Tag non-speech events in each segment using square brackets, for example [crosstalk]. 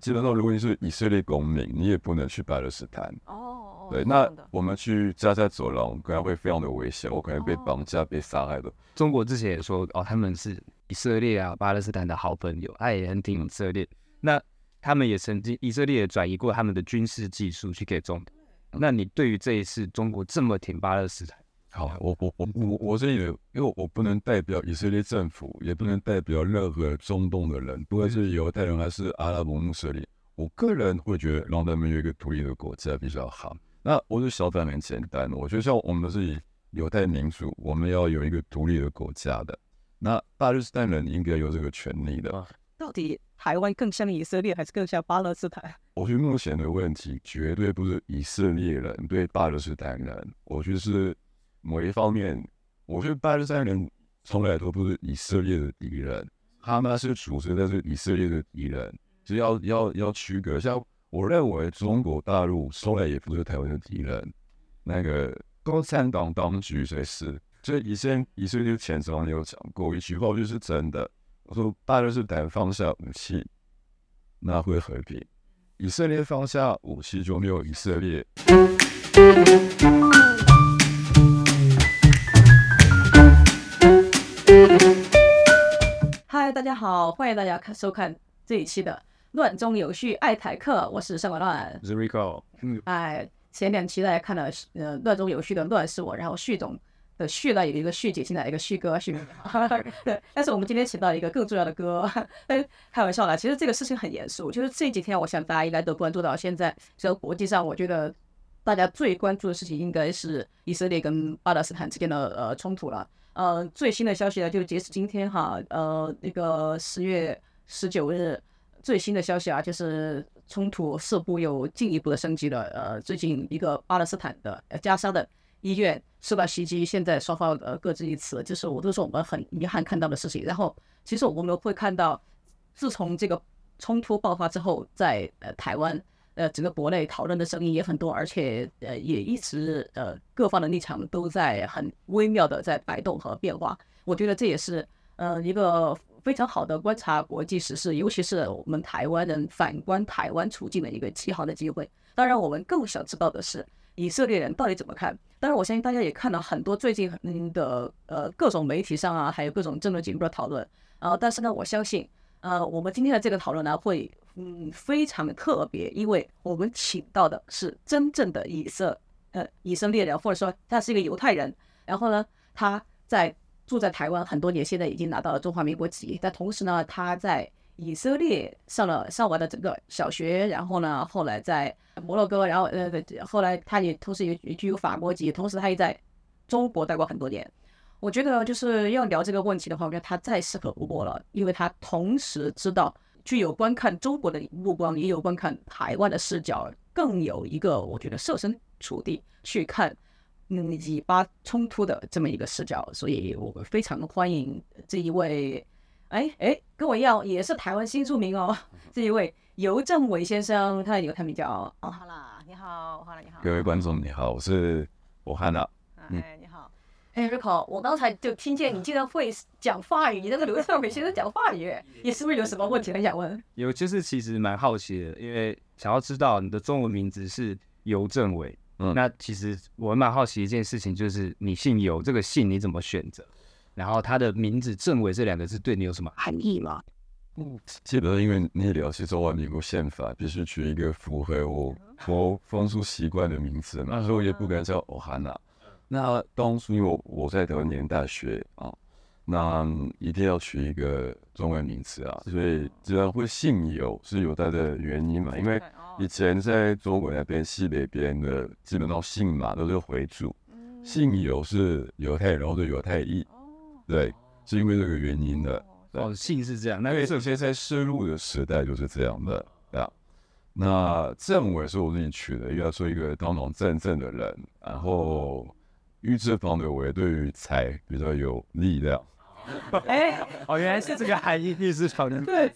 基本上，如果你是以色列公民，你也不能去巴勒斯坦。哦、oh, oh, oh,，對，那我們去加薩走廊可能會非常的危險，我可能被綁架、oh. 被殺害的。中國之前也說哦，他們是以色列啊、巴勒斯坦的好朋友，他也很挺以色列、嗯。那他們也曾經，以色列也轉移過他們的軍事技術去給中。那你對於這一次中國這麼挺巴勒斯坦？好，我我我我我是因為，因為我不能代表以色列政府，也不能代表任何中東的人，不管是猶太人還是阿拉伯穆斯林。我個人會覺得讓他們有一個獨立的國家比較好。那我的想法很簡單，我覺得，像我們是以猶太民族，我們要有一個獨立的國家的。那巴勒斯坦人應該有這個權利的。到底台灣更像以色列還是更像巴勒斯坦？我覺得目前的問題絕對不是以色列人對巴勒斯坦人，我覺得是，某一方面，我覺得巴勒斯坦人從來都不是以色列的敵人，他們是組織，在是以色列的敵人，是要要要區隔一下。像我認為中國大陸從來也不是台灣的敵人，那個共產黨當局才是。所以以前，以色列前總統有講過一句話，就是真的，我說巴勒斯坦放下武器，那會和平。以色列放下武器就沒有以色列。大家好，歡迎大家看，收看這一期的《亂中有序》愛台客，我是上官亂。RICO 哎，前兩期大家看了呃《亂中有序》的亂是我，然後序總的序呢，有一個序姐，現來一個序哥哈哈，對，但是我們今天請到一個更重要的哥，哈哈開玩笑了，其實這個事情很嚴肅。就是這幾天，我想大家應該都關注到現在，其實國際上，我覺得大家最關注的事情應該是以色列跟巴勒斯坦之間的呃衝突了。呃，最新的消息呢，就截止今天哈，呃，那個十月十九日最新的消息啊，就是衝突似乎又進一步的升級了。呃，最近一個巴勒斯坦的加沙的醫院受到襲擊，現在雙方呃各執一詞，就是我都說我們很遺憾看到的事情。然後，其實我們會看到，自從這個衝突爆發之後在，在呃台灣。呃，整個國內討論的聲音也很多，而且呃，也一直呃，各方的立場都在很微妙的在擺動和變化。我覺得這也是呃一個非常好的觀察國際時事，尤其是我們台灣人反觀台灣處境的一個極好的機會。當然，我們更想知道的是以色列人到底怎麼看。當然，我相信大家也看到很多最近的呃各種媒體上啊，還有各種政論節目的討論。然後，但是呢，我相信。呃，我們今天的這個討論呢，會嗯非常的特別，因為我們請到的是真正的以色呃，以色列人，或者說他是一個猶太人。然後呢，他在住在台灣很多年，現在已經拿到了中華民國籍。但同時呢，他在以色列上了上完了整個小學，然後呢，後來在摩洛哥，然後呃，後來他也同時也也具有法國籍，同時他也在中國待過很多年。我覺得就是要聊這個問題的話，我覺得他再適合不過了，因為他同時知道具有觀看中國的目光，也有觀看台灣的視角，更有一個我覺得設身處地去看嗯以巴衝突的這麼一個視角，所以我們非常歡迎這一位，哎哎，跟我一樣也是台灣新住民哦，這一位尤正瑋先生，他的猶太名叫啊，好了，你好，我好啦，你好，各位觀眾你好，我是武漢的、啊，嗯。哎你好、 [noise] 哎，我剛才就聽見你竟然會講法語，你那個尤正瑋先生講法語，你是不是有什麼問題很想問？有，就是其實蠻好奇的，因為想要知道你的中文名字是尤正瑋。嗯，那其實我蠻好奇一件事情，就是你姓尤這個姓你怎麼選擇？然後他的名字“正瑋這兩個字對你有什麼含義嗎？嗯，基本因為那了解中華民國憲法，必須取一個符合我我風俗習慣的名字，嗯，那時候也不敢叫歐漢娜。那當初我我在德文念大學啊，那一定要取一個中文名字啊，所以既然會姓尤是有它的原因嘛。因為以前在中國那邊西北邊的基本上姓馬都是回族，姓尤是猶太人，然後是猶太裔，對，是因為這個原因的。哦，姓是這樣，那首先在絲路的時代就是這樣的啊。那正瑋是我自己取的，應要說一個堂堂正正的人，然後。預方面，我也對於財比較有力量，哎， [laughs] 哦，原來是這個含義，預制好的對、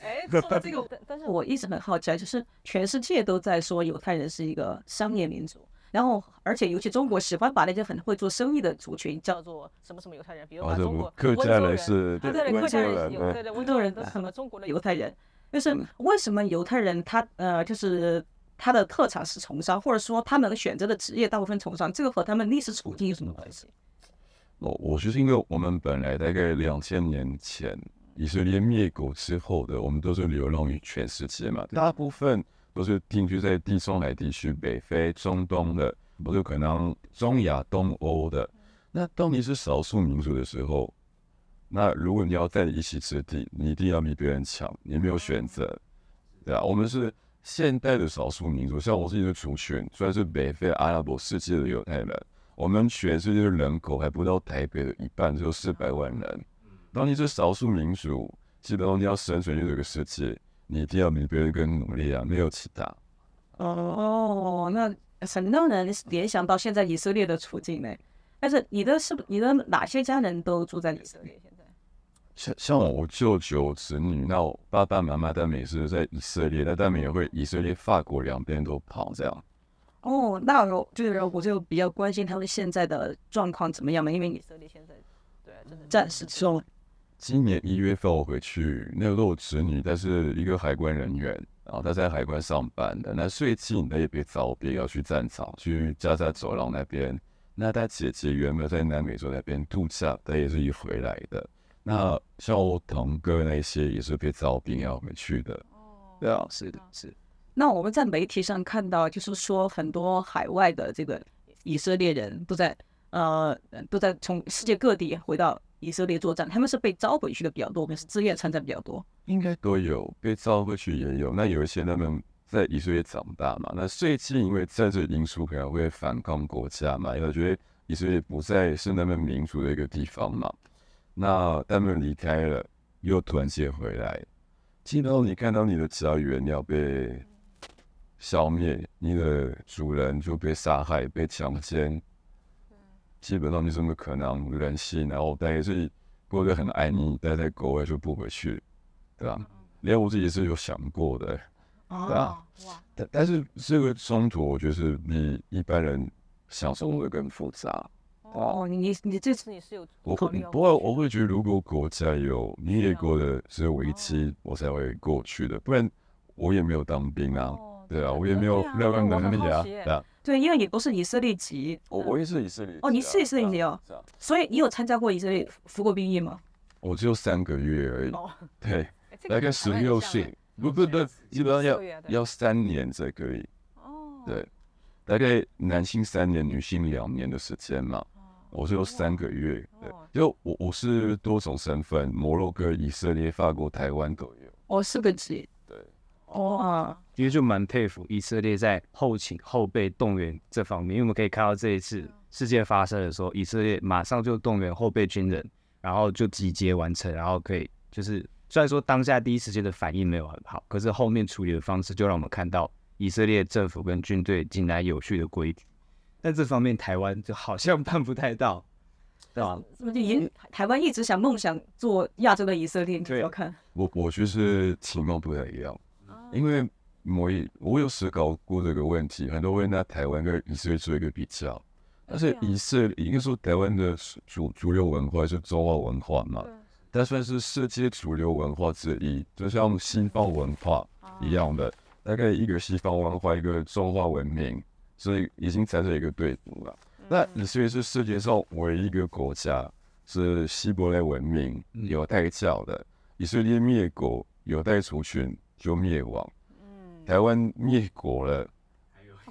哎、說這個，但是我一直很好奇，就是全世界都在說猶太人是一個商業民族，然後而且尤其中國喜歡把那些很會做生意的族群叫做什麼什麼猶太人，比如說把中國、溫、啊、都人是對對對，客家人、人、人、人、人都是什麼中國的、啊、猶太人，就是為什麼猶太人他呃就是。他的特長是從商，或者說他們選擇的職業大部分從商，這個和他們歷史處境有什麼關係？我、哦、我就是因為我們本來大概兩千年前以色列滅國之後的，我們都是流浪於全世界嘛，大部分都是定居在地中海地區、北非、中東的，不是可能中亞、東歐的。那當你是少數民族的時候，那如果你要在一席之地，你一定要比別人強，你沒有選擇，嗯、對吧、啊？我們是。現代的少數民族，像我是一個族群，算是北非阿拉伯世界的猶太人。我們全世界的人口還不到台北的一半，只有四百萬人。當你是少數民族，基本上你要生存，就這個世界，你一定要比別人更努力啊，沒有其他。哦哦，那很多人聯想到現在以色列的處境呢、欸。但是你的是，是你的哪些家人都住在以色列？像像我舅舅、我姪女，那我爸爸媽媽他們也是在以色列，那他們也會以色列法國兩邊都跑這樣。哦，那我就是我就比較關心他們現在的狀況怎麼樣嘛，因為你以色列現在對真的戰事中。今年一月份我回去，那個時候我侄女她是一個海關人員，然後她在海關上班的。那最近她也被召編要去戰場，去加沙走廊那邊。那她姐姐原本在南美洲那邊度假，她也是一回來的。那像我堂哥那些也是被招兵，要回去的。哦對啊，是的是。那我們在媒體上看到，就是說很多海外的這個以色列人都在呃都在從世界各地回到以色列作戰，他們是被招回去的比較多，還是自願參戰比較多？應該都有，被招回去也有。那有一些他們在以色列長大嘛，那最近因為政治因素可能會反抗國家嘛，因為覺得以色列不再是那麼民主的一個地方嘛。那他們離開了，又突然間回來，基本上你看到你的家園要被消滅，你的主人就被殺害、被強姦，基本上你怎麼可能忍心然後待在這過得很安逸、嗯，待在國外就不回去，對吧、啊嗯？連我自己也是有想過的，對啊，啊但但是這個衝突我覺得是比一般人想生活會更複雜。哦，你你你這次是你是有我會不會，我會覺得如果國家有你也過的，是維持我才會過去的、啊，不然我也沒有當兵啊，哦、對，啊對啊，我也沒有沒有當兵啊，對因為你不、啊、是以色列籍，我、嗯、我也是以色列、啊、哦，你是以色列籍哦、啊，啊，所以你有參加過以色列服過兵役嗎？我？我只有三個月而已，對，哦對欸、大概十六歲，不不基本上要要三年才可以、哦、對，大概男性三年，女性兩年的時間嘛。我是有三個月，對，就我我是多重身份，摩洛哥、以色列、法國、台灣都有，哦，四個職對，哦，因為就蠻佩服以色列在後勤後備動員這方面，因為我們可以看到這一次事件發生的時候，以色列馬上就動員後備軍人，然後就集結完成，然後可以就是雖然說當下第一時間的反應沒有很好，可是後面處理的方式就讓我們看到以色列政府跟軍隊竟然有序的規矩。但這方面台灣就好像辦不太到，對啊。所以就以台灣一直想夢想做亞洲的以色列，你怎麼看？我我覺得是情況不太一樣，因為我我有思考過這個問題，很多人在台灣跟以色列做一個比較。但是以色列，因為說台灣的主主流文化是中華文化嘛，但算是世界主流文化之一，就像西方文化一樣的，大概一個西方文化，一個中華文明。所以已經產生一個對比了。那、嗯、以色列是世界上唯一一個國家，是希伯來文明、嗯、有代教的。以色列滅國，有代族群就滅亡。嗯、台灣滅國了，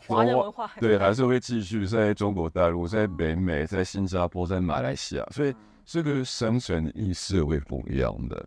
華人文化、嗯、對還是會繼續在中國大陸、在北美、在新加坡、在馬來西亞，所以這個生存意識會不一樣的。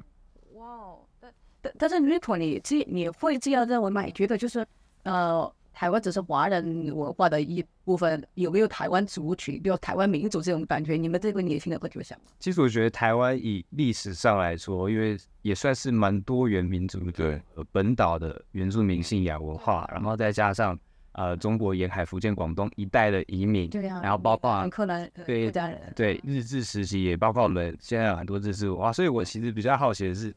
嗯、哇，但但，但是 RICO，你這你會這樣認為嗎？覺得就是呃。台灣只是華人文化的一部分，有沒有台灣族群，有台灣民族這種感覺？你們這個年輕人會怎麼想？其實我覺得台灣以歷史上來說，因為也算是蠻多元民族的，本島的原住民信仰文化、嗯，然後再加上呃中國沿海福建、廣東一帶的移民、嗯，然後包括對、啊、對，可能對，家人對日治時期也包括我們、嗯、現在有很多日治文化，所以我其實比較好奇的是，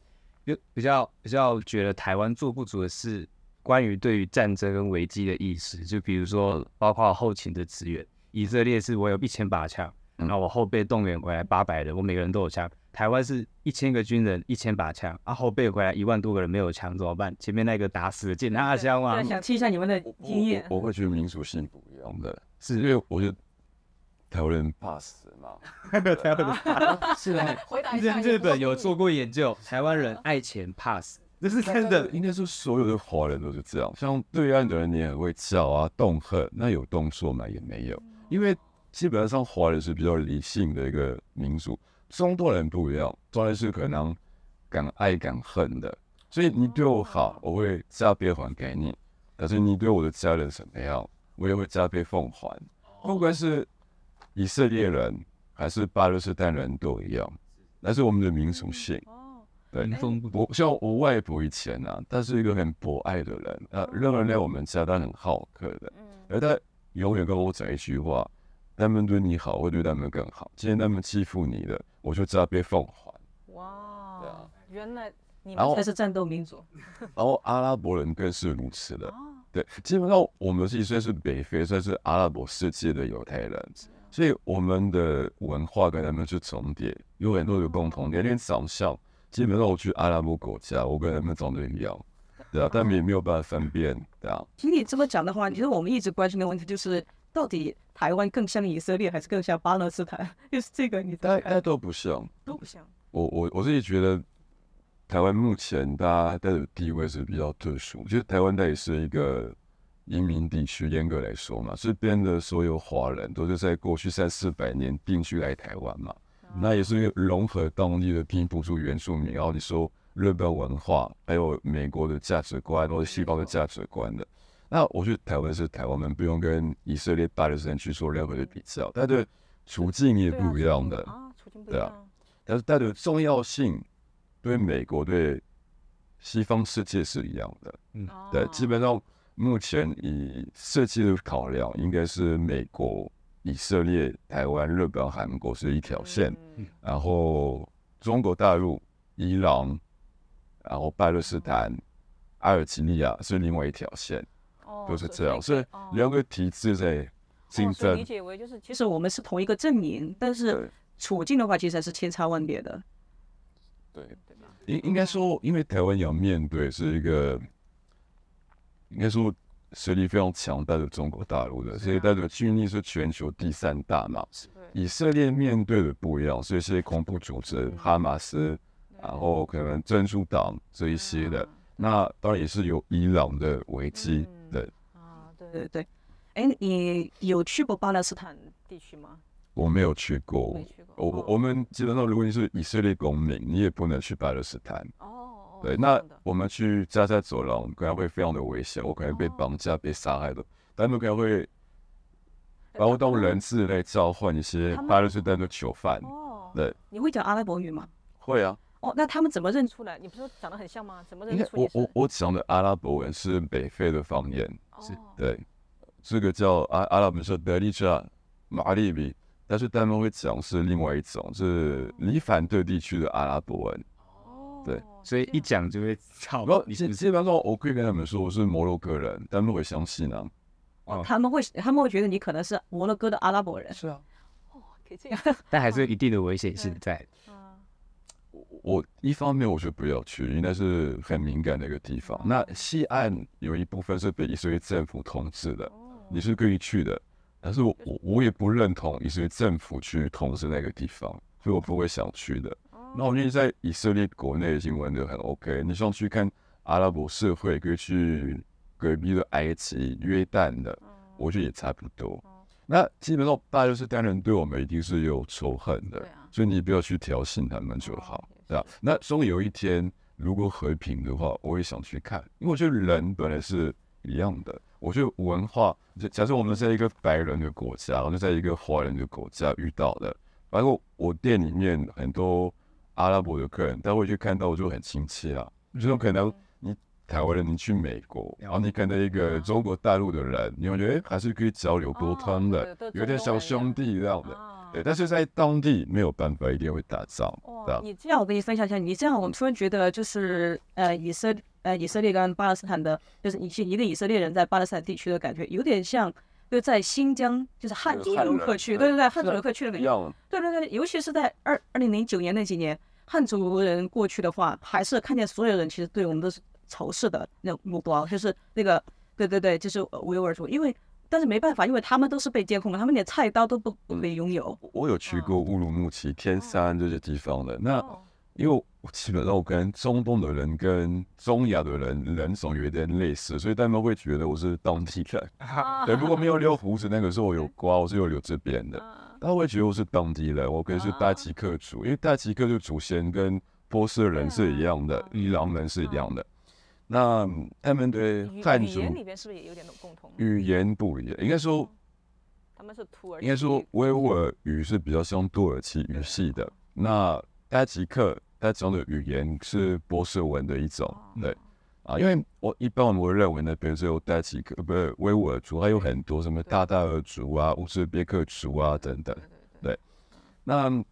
比較比較覺得台灣做不足的事。關於對於戰爭跟危機的意識，就比如說，包括後勤的資源、嗯。以色列是我有一千把槍，那、嗯、然後我後備動員回來八百人，我每個人都有槍。台灣是一千個軍人，一千把槍，啊，後備回來一萬多個人沒有槍怎麼辦？前面那個打死了，撿他槍啊！想聽一下你們的經驗。我會覺得民族性不用的，是因為我覺得台灣人怕死嘛。 [laughs] 台灣、啊、是，回答一下。日本有做過研究，啊、台灣人愛錢怕死。這是真的，應該是所有的華人都是這樣。像對岸的人，你也會叫啊，動恨，那有動作嗎？也沒有，因為基本上華人是比較理性的一個民族。中東人不一樣，中東人是可能敢愛敢恨的，所以你對我好，我會加倍還給你，但是你對我的家人怎麼樣，我也會加倍奉還。不管是以色列人還是巴勒斯坦人都一樣，那是我們的民族性。對，懂懂我像我外婆以前啊，她是一個很博愛的人，呃、哦啊，任何人來我們家，她很好客的。嗯，而她永遠跟我講一句話：他們對你好，我會對他們更好。今天他們欺負你了，我就知道被奉還。哇，對，原來你們才，才是戰鬥民族。然後阿拉伯人更是如此的。哦，對，基本上我們算是北非，算是阿拉伯世界的猶太人，嗯啊，所以我們的文化跟他們是重疊，有很多的共同點，哦，連長相。基本上我去阿拉伯國家，我跟他們長得一樣，對啊，他們也沒有辦法分辨，嗯、對啊。聽你這麼講的話，其實我們一直關心的問題就是，到底台灣更像以色列還是更像巴勒斯坦？就是這個你，你大家都不像，都不像。我我我自己覺得，台灣目前大家在的地位是比較特殊，就是台灣它也是一個移民地區，嚴格來說嘛，這邊的所有華人都是在過去三四百年定居來台灣嘛。那也是因為融合當地的，拼不出原住民，然後你說日本文化，還有美國的價值觀，或者西方的價值觀的。嗯、那我覺得台灣是台灣人不用跟以色列、巴勒斯坦去做任何的比較，嗯、它的處境也不一樣的，嗯、對啊。但是它的重要性，對美國對西方世界是一樣的。嗯，對，基本上目前以設計的考量，應該是美國。以色列、台灣、日本、韓國是一條線，嗯，然後中國大陸、伊朗，然後巴勒斯坦、嗯、阿爾及利亞是另外一條線，哦，都是這樣，所以兩個體制在競爭。理、哦、解為就是，其實我們是同一個陣營，但是處境的話，其實還是千差萬別的。對，應應該說，因為台灣要面對是一個，應該說。實力非常強大的中國大陸的，所以它的軍力是全球第三大嘛。以色列面對的不一樣，所以是恐怖組織哈馬斯，然後可能真主黨這一些的，那當然也是有伊朗的危機的。啊，對對對，哎，你有去過巴勒斯坦地區嗎？我沒有去過，沒去過。我我們基本上，如果你是以色列公民，你也不能去巴勒斯坦。哦。對，那我們去加薩走廊，可能會非常的危險，我可能被綁架、哦、被殺害了。他們可能會把我當人質來交換一些巴勒斯坦的囚犯。哦，對，你會講阿拉伯語嗎？會啊。哦，那他們怎麼認出來？你不是說長得很像嗎？怎麼認出來？我我我講的阿拉伯文是北非的方言，哦、是，對，這個叫阿阿拉伯是德利加馬利米，但是他們會講是另外一種，就是黎凡特地區的阿拉伯文。所以一講就會吵。然後你是你比方說，我可以跟他們說我是摩洛哥人，他們會相信呢？哦，他們會他們會覺得你可能是摩洛哥的阿拉伯人。是啊，哦，可以這樣。但還是有一定的危險性在。我一方面，我覺得不要去，應該是很敏感的一個地方。那西岸有一部分是被以色列政府統治的，你、哦、是可以去的，但是我我我也不認同以色列政府去統治那個地方，所以我不會想去的。那我覺得在以色列國內的新聞就很 OK，你想去看阿拉伯社會，可以去隔壁的埃及、約旦的，我覺得也差不多。那基本上大家都是當然對我們一定是有仇恨的，啊、所以你不要去挑釁他們就好，對吧、啊？那終有一天如果和平的話，我會想去看，因為我覺得人本來是一樣的，我覺得文化，假設我們在一個白人的國家，我們在一個華人的國家遇到的，包括我店裡面很多。阿拉伯的客人，他會去看到我就很親切啊。我覺得可能你台灣人，你去美國、嗯，然後你看到一個中國大陸的人，嗯、你會覺得還是可以交流溝通的，、哦、的，有點像兄弟一樣的。對、嗯，但是在當地沒有辦法，一定會打仗、哦。你這樣我跟你分享一下，你這樣我突然覺得就是呃以色呃以色列跟巴勒斯坦的，就是以前一個以色列人在巴勒斯坦地區的感覺，有點像，就在新疆，就是漢族遊客去，對對對，漢族遊客去了沒有？對對對，尤其是在二二零零九年那幾年，漢族人過去的話，還是看見所有人其實對我們都是仇視的那種目光，就是那個，對對對，就是維吾爾族。因為但是沒辦法，因為他們都是被監控了，他們連菜刀都不不可以擁有、嗯。我有去過烏魯木齊、天山這些地方的，哦、那、哦、因為。我基本上我跟中東的人，跟中亞的人人種有一點類似，所以他們會覺得我是當地人啊。對，如果沒有留鬍子，那個時候我有刮，嗯、我是有留這邊的，他、嗯、會覺得我是當地人。我可以是塔吉克族啊，因為塔吉克就祖先跟波斯人是一樣的，啊、伊朗人是一樣的。嗯、那他們的漢語言裡面是不是也有點種共同？語言不一樣，應該說他們是突厥，應該說維吾爾語是比較像土耳其語系的。嗯、那塔吉克。他講的語言是波斯文的一種，對啊，因為我一般我們認為呢，比如說有塔吉克，不是維吾爾族，還有很多什麼韃、韃靼族啊、烏茲別克族啊等等，對。那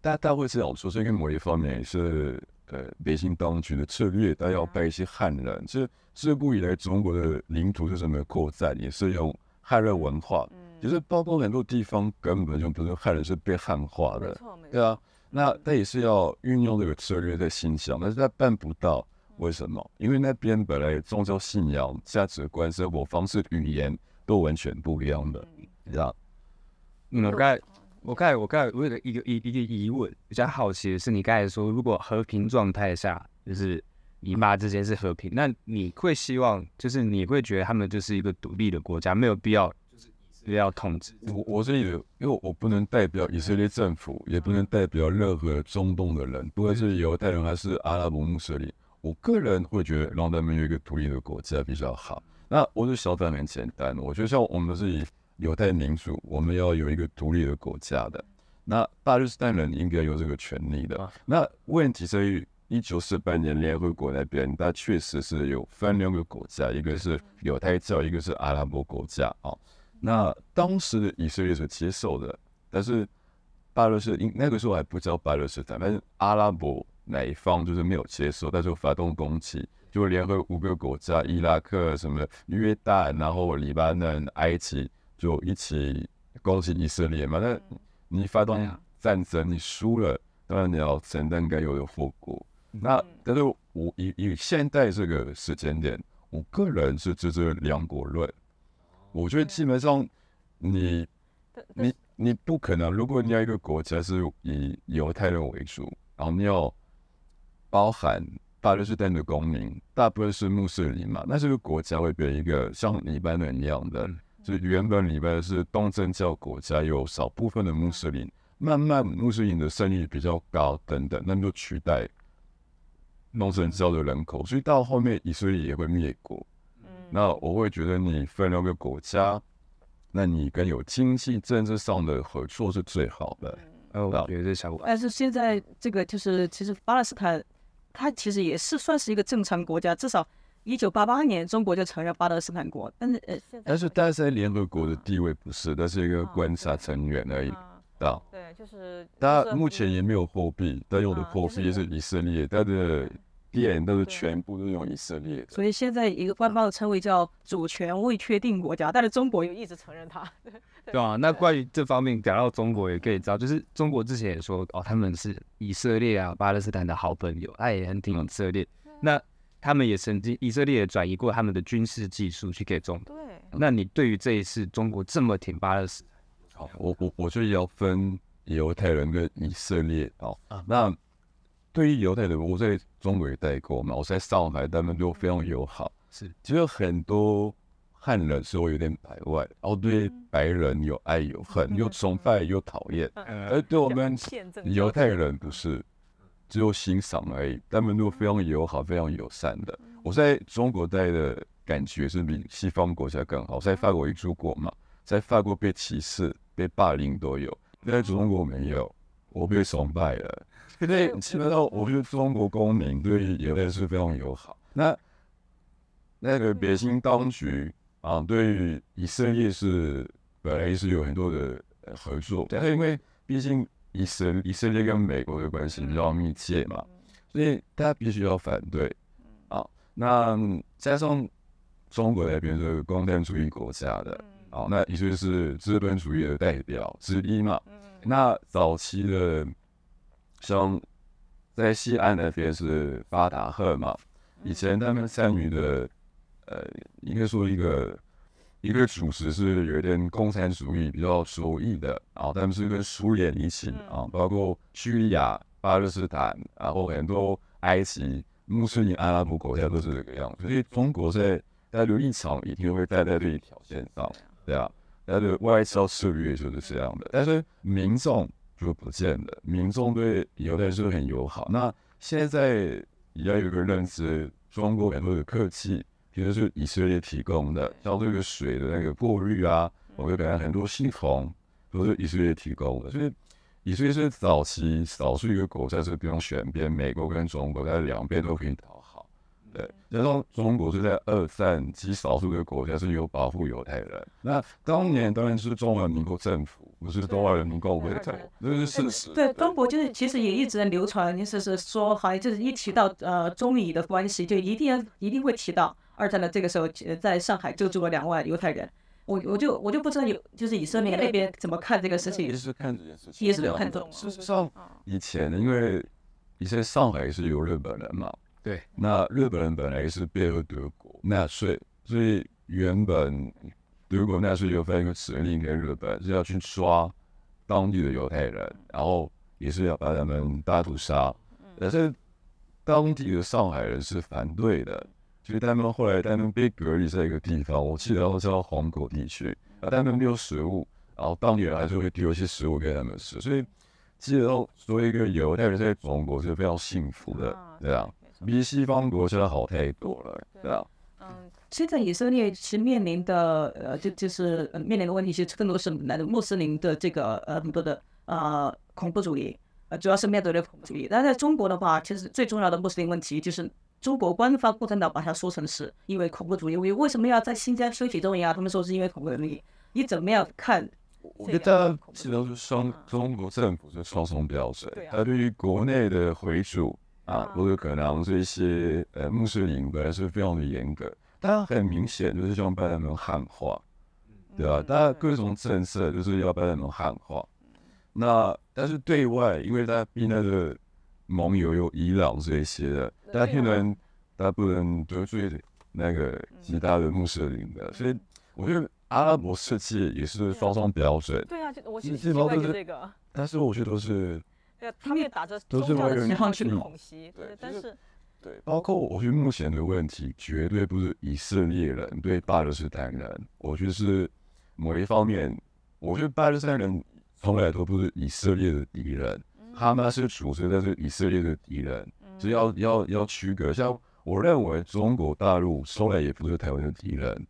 大家會這樣說，所以因為某一方面也是，呃，北京當局的策略，他要拜一些漢人。其實自古以來，中國的領土就是沒有擴展，也是用漢人文化、嗯，就是包括很多地方根本就不是漢人，是被漢化的，對啊。那他也是要運用這個策略在新疆，但是他辦不到，為什麼？因為那邊本來有宗教信仰、價值觀、生活方式、語言都完全不一樣的，你知道？嗯，我剛才，我剛才，我剛才，我有一個一一個疑問，比較好奇的是，你剛才說，如果和平狀態下就是以巴之間是和平，那你會希望，就是你會覺得他們就是一個獨立的國家，沒有必要？要統治我，我是以，因為我不能代表以色列政府，也不能代表任何中東的人，不管是猶太人還是阿拉伯穆斯林。我個人會覺得，讓他們有一個獨立的國家比較好。那我就想得很簡單，我覺得像我們是以猶太民族，我們要有一個獨立的國家的。那巴勒斯坦人應該有這個權利的。那問題在於一九四八年聯合國那邊，它確實是有分兩個國家，一個是猶太教，一個是阿拉伯國家啊。哦那當時以色列是接受的，但是巴勒斯坦那個時候還不叫巴勒斯坦，但是阿拉伯哪一方就是沒有接受，但是我發動攻擊，就聯合五個國家，伊拉克、什麼約旦，然後黎巴嫩、埃及，就一起攻擊以色列嘛。那你發動戰爭，嗯、你輸了，嗯，當然你要承擔該有的後果。那但是我以以現在這個時間點，我個人是支持兩國論。我覺得基本上你，你、嗯、你、你不可能。如果你要一個國家是以猶太人為主，然後你要包含巴勒斯坦的公民，大部分是穆斯林嘛，那這個國家會變成一個像黎巴嫩一樣的，嗯、就原本黎巴嫩是東正教國家，有少部分的穆斯林，慢慢穆斯林的生育率比較高，等等，那就取代東正教的人口，所以到後面以色列也會滅國。那我會覺得你分兩個國家，那你跟有經濟政治上的合作是最好的。哦、嗯啊啊、我這下但是現在這個就是，其實巴勒斯坦，它其實也是算是一個正常國家，至少一九八八年中國就承認巴勒斯坦國。但是，呃、但是它在聯合國的地位不是，它、嗯、是一個觀察成員而已。嗯嗯嗯嗯嗯嗯、對，就是它目前也沒有貨幣，它、嗯、有的貨幣是以色列它的。嗯電都是全部都用以色列，所以現在一個官方的稱謂叫主權未確定國家，但是中國又一直承認他。對啊。那關於這方面，講到中國也可以知道，就是中國之前也說哦，他們是以色列啊、巴勒斯坦的好朋友，他、哎、也很挺以色列、嗯。那他們也曾經，以色列也轉移過他們的軍事技術去給中國。對，那你對於這一次中國這麼挺巴勒斯坦？好，我我我就是要分猶太人跟以色列哦、啊，那。對於猶太人，我在中國也待過嘛，我在上海，他們都非常友好、嗯。是，其實很多漢人是會有點排外，然後對白人有愛有恨，嗯、又崇拜、嗯、又討厭、嗯。而對我們猶太人，不是只有欣賞而已，他、嗯、們都非常友好、非常友善的。嗯、我在中國待的感覺是比西方國家更好。我在法國也住過嘛，在法國被歧視、被霸凌都有，在中國沒有，我被崇拜了。嗯因為基本上，我覺得中國公民對以色列是非常友好。那那個北京當局啊，對於以色列是本來是有很多的合作，但是因為畢竟以色以色列跟美國的關係比較密切嘛，所以他必須要反對啊。那加上中國那邊是共產主義國家的，啊，那以色列是資本主義的代表之一嘛。那早期的。像在西安那邊是巴達赫嘛，以前他們三女的，呃，應該說一個一個組織是有點共產主義比較受義的，然後他們是跟蘇聯一起啊、嗯嗯，包括敘利亞、巴勒斯坦，然後很多埃及、穆斯林阿拉伯國家都是這個樣子。所以中國在在立場一定會站在這一條線上，對啊，他的外交策略就是這樣的。嗯、但是民眾。是不見的，民眾對猶太人是很友好。那現在也要有一個認知，中國很多的科技，比如是以色列提供的，像這個水的那個過濾啊，我就感覺本來很多系統都是以色列提供的。所以以色列是早期少數一個國家，在這邊選邊，美國跟中國在兩邊都可以導航。對，然後中國是在二戰極少數的國家是有保護猶太人。那當年當然是中華民國政府，不是中華人民共和國政府，那是事實。對，中國就是其實也一直在流傳，就是是說，好像就是一提到呃中以的關係，就一定要一定會提到二戰的這個時候，在上海救助了兩萬猶太人。我我就我就不知道有就是以色列那邊怎麼看這個事情，也是看這件事情，也是看怎麼。事實上，是是以前、就是、因為以前上海是有日本人嘛。對，那日本人本來是配合德國納粹，所以原本德國納粹就有一個指令給日本是要去刷當地的猶太人，然後也是要把他們大屠殺。但是當地的上海人是反對的，所以他們後來他們被隔離在一個地方，我記得我知道虹口地區。但他們沒有食物，然後當地人還是會丟一些食物給他們吃，所以其實要說一個猶太人在中國是非常幸福的，對樣、啊。比西方國家好太多了對。對啊，嗯，現在以色列其實面臨的呃，就就是面臨的問題是是，其實更多是來自穆斯林的這個呃很多的呃恐怖主義，呃主要是面對的恐怖主義。但在中國的話，其實最重要的穆斯林問題就是中國官方共產黨把它說成是因為恐怖主義，為為什麼要在新疆修集中營啊？他們說是因為恐怖主義，你怎麼樣看？我覺得其實是雙、嗯啊，中國政府是雙重標準，它對於國內的回族。啊，不是可能這一些呃穆斯林本來是非常的嚴格，但很明顯就是希望把他們漢化，嗯，對吧？大、嗯、家各種政策就是要把他們漢化，嗯。那但是對外，因為他畢竟那個盟友有伊朗這些的，嗯、大家不能、嗯、大家不能得罪那個其他的穆斯林的，嗯、所以我覺得阿拉伯世界也是雙方標、嗯嗯、標、標準。對啊，就我其實現在是，這個，但是我覺得都是。他們也打着宗教情緒去恐襲，對，對，但是對，包括我覺得目前的問題絕對不是以色列人對巴勒斯坦人，我覺得是某一方面，我覺得巴勒斯坦人從來都不是以色列的敵人，他們是純粹的是以色列的敵人，是要要要區隔。像我認為中國大陸從來也不是台灣的敵人，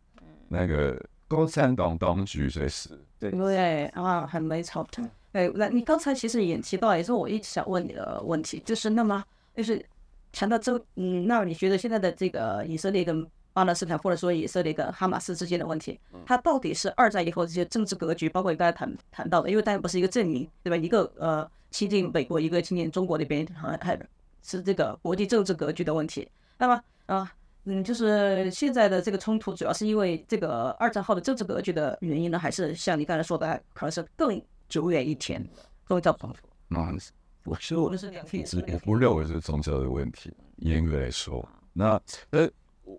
那個共產黨當局在死。 [noise] 對對？啊， [noise] 還沒吵到。 [noise] 誒，那你剛才其實也提到，也是我一直想問你的問題，就是那麼就是談到這，嗯，那你覺得現在的這個以色列跟巴勒斯坦，或者說以色列跟哈馬斯之間的問題，它到底是二戰以後的這些政治格局，包括你剛才談談到的，因為當然不是一個陣營，對吧？一個呃，親近美國，一個親近中國那邊，還、嗯、是這個國際政治格局的問題。那麼，啊，嗯，就是現在的這個衝突，主要是因為這個二戰後的政治格局的原因呢，還是像你剛才說的，可能是更。就為一天，宗教衝突。那其實我就是兩體之故。我，我不認為是宗教的問題，嚴格來說。那呃，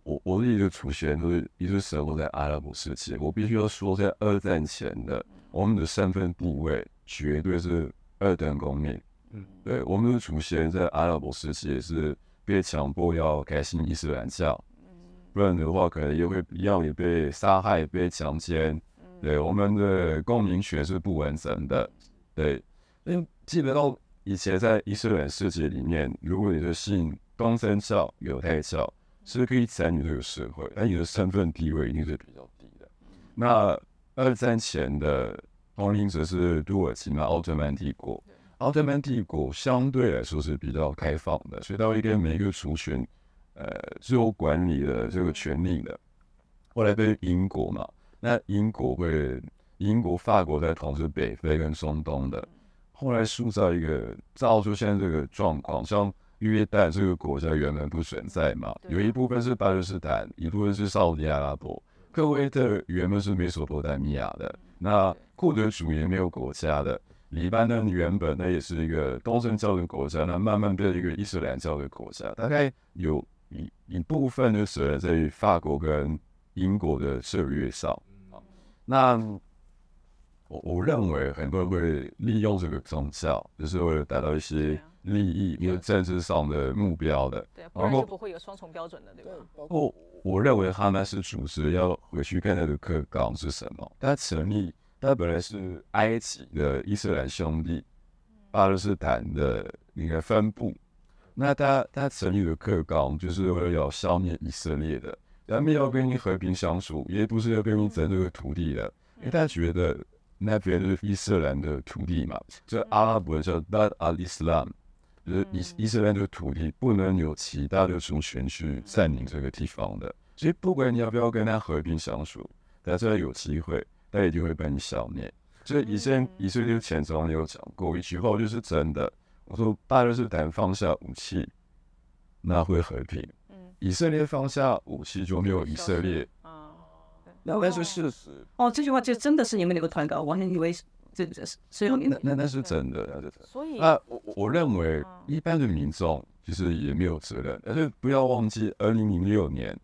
我自己、就是、說我我的祖先都是也是生活在阿拉伯時期。我必須要說，在二戰前的我們的身份地位絕對是二等公民。嗯、對，我們的祖先在阿拉伯時期是被強迫要改信伊斯蘭教，不然的話可能也會一樣也被殺害、被強姦。對我們的公民權是不完整的，對，因為基本上以前在伊斯蘭世界裡面，如果你是信東正教、猶太教，是可以參與這個社會，但你的身份地位一定是比較低的。那二戰前的統治者是土耳其嘛？奧特曼帝國，奧特曼帝國相對來說是比較開放的，所以到一個每一個族群，呃，是有管理的這個權利的。後來被英國嘛。那英國會，英國、法國在統治北非跟中東的，後來塑造一個造出現在這個狀況，像約旦這個國家原本不存在嘛，有一部分是巴勒斯坦，一部分是沙烏地阿拉伯，科威特原本是美索不達米亞的，那庫德族也沒有國家的，黎巴嫩原本呢也是一個東正教的國家，那慢慢變成一個伊斯蘭教的國家，大概有一一部分是屬於法國跟英國的歲月上。那我我認為很多人會利用這個宗教，就是為了達到一些利益、一些政治上的目標的。對啊，不然就不會有雙重標準的，對吧？包括我我認為哈馬斯組織要回去看他的課綱是什麼。他成立，他本來是埃及的伊斯蘭兄弟，巴勒斯坦的一個分部。那他他成立的課綱就是為了要消滅以色列的。他們要跟你和平相處，也不是要跟你爭這個土地的。因為大家覺得那邊是伊斯蘭的土地嘛，就阿拉伯叫大阿伊斯蘭，就是伊伊斯蘭的土地，不能有其他的族群去占領這個地方的。所以不管你要不要跟他和平相處，大家只要有機會，大家一定會把你消滅。所以以前以色列前總統也有講過一句話，就是真的，我說巴勒斯坦放下武器，那會和平。以色列放下武器就沒有以色列，嗯、但是事實、嗯、哦，哦，這句話就真的是你們那個團長，我還以為這個是，所以你那那那是真的，真的。所以那我我認為一般的民眾其實也沒有責任，但是不要忘記2006，二零零六年